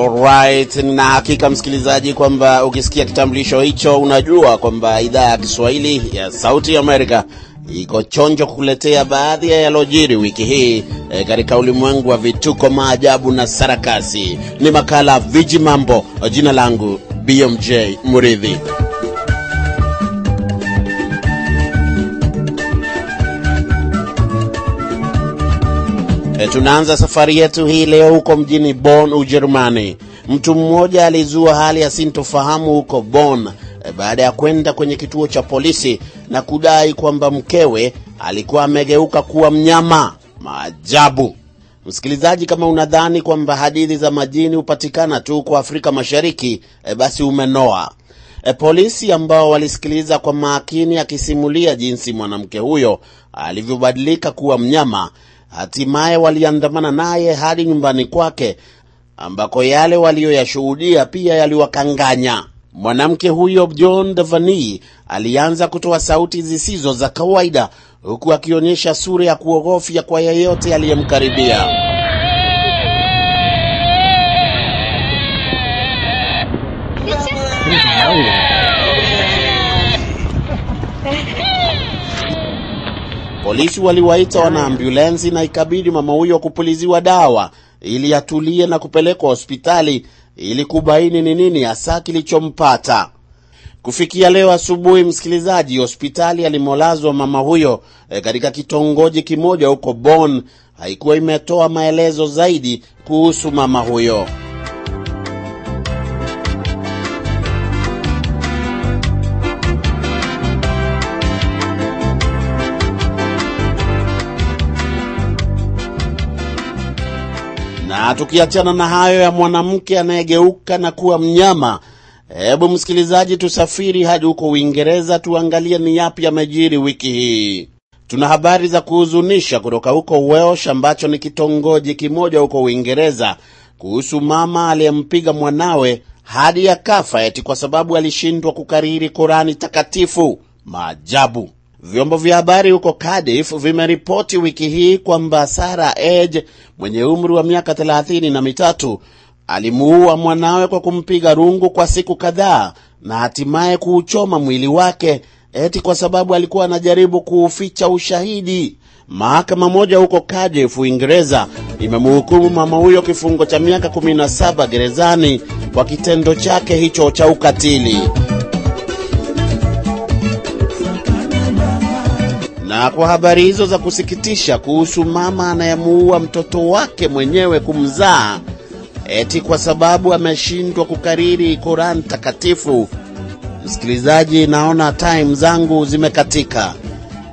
Alright, nina hakika msikilizaji kwamba ukisikia kitambulisho hicho unajua kwamba idhaa ya Kiswahili ya Sauti Amerika iko chonjo kukuletea baadhi ya yalojiri wiki hii e, katika ulimwengu wa vituko, maajabu na sarakasi. Ni makala Viji Mambo. Jina langu BMJ Muridhi. E, tunaanza safari yetu hii leo huko mjini Bon, Ujerumani. Mtu mmoja alizua hali ya sintofahamu huko Bon e, eh, baada ya kwenda kwenye kituo cha polisi na kudai kwamba mkewe alikuwa amegeuka kuwa mnyama. Maajabu! Msikilizaji, kama unadhani kwamba hadithi za majini hupatikana tu kwa Afrika Mashariki, e, basi umenoa. E, polisi ambao walisikiliza kwa makini akisimulia jinsi mwanamke huyo alivyobadilika kuwa mnyama Hatimaye waliandamana naye hadi nyumbani kwake ambako yale waliyoyashuhudia pia yaliwakanganya. Mwanamke huyo John Davani alianza kutoa sauti zisizo za kawaida, huku akionyesha sura ya kuogofya kwa yeyote aliyemkaribia. Polisi waliwaita wanaambulensi na ikabidi mama huyo kupuliziwa dawa ili atulie na kupelekwa hospitali ili kubaini ni nini hasa kilichompata. Kufikia leo asubuhi, msikilizaji, hospitali alimolazwa mama huyo e, katika kitongoji kimoja huko Bonn haikuwa imetoa maelezo zaidi kuhusu mama huyo. Na tukiachana na hayo ya mwanamke anayegeuka na kuwa mnyama, hebu msikilizaji, tusafiri hadi huko Uingereza tuangalie ni yapi yamejiri wiki hii. Tuna habari za kuhuzunisha kutoka huko Welsh ambacho ni kitongoji kimoja huko Uingereza kuhusu mama aliyempiga mwanawe hadi akafa eti kwa sababu alishindwa kukariri Korani takatifu. Maajabu! Vyombo vya habari huko Cardiff vimeripoti wiki hii kwamba Sarah Edge mwenye umri wa miaka thelathini na mitatu alimuua mwanawe kwa kumpiga rungu kwa siku kadhaa na hatimaye kuuchoma mwili wake eti kwa sababu alikuwa anajaribu kuuficha ushahidi. Mahakama moja huko Cardiff, Uingereza, imemhukumu mama huyo kifungo cha miaka 17 gerezani kwa kitendo chake hicho cha ukatili. Na kwa habari hizo za kusikitisha kuhusu mama anayemuua mtoto wake mwenyewe kumzaa eti kwa sababu ameshindwa kukariri Quran takatifu, msikilizaji, naona time zangu zimekatika.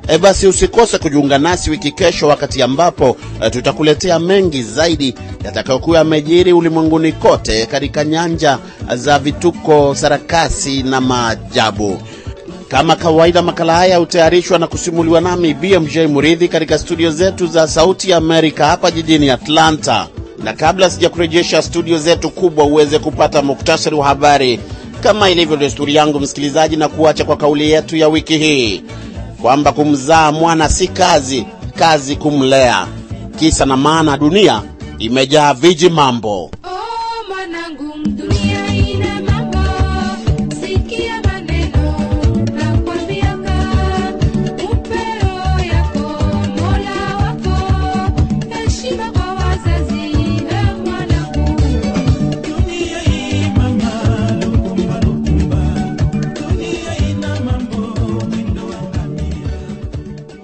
E, basi usikose kujiunga nasi wiki kesho, wakati ambapo e, tutakuletea mengi zaidi yatakayokuwa yamejiri ulimwenguni kote katika nyanja za vituko, sarakasi na maajabu. Kama kawaida, makala haya hutayarishwa na kusimuliwa nami BMJ Muridhi katika studio zetu za Sauti ya Amerika hapa jijini Atlanta, na kabla sijakurejesha studio zetu kubwa uweze kupata muktasari wa habari kama ilivyo desturi yangu, msikilizaji, na kuacha kwa kauli yetu ya wiki hii kwamba kumzaa mwana si kazi, kazi kumlea. Kisa na maana, dunia imejaa viji mambo. Oh, manangu, dunia.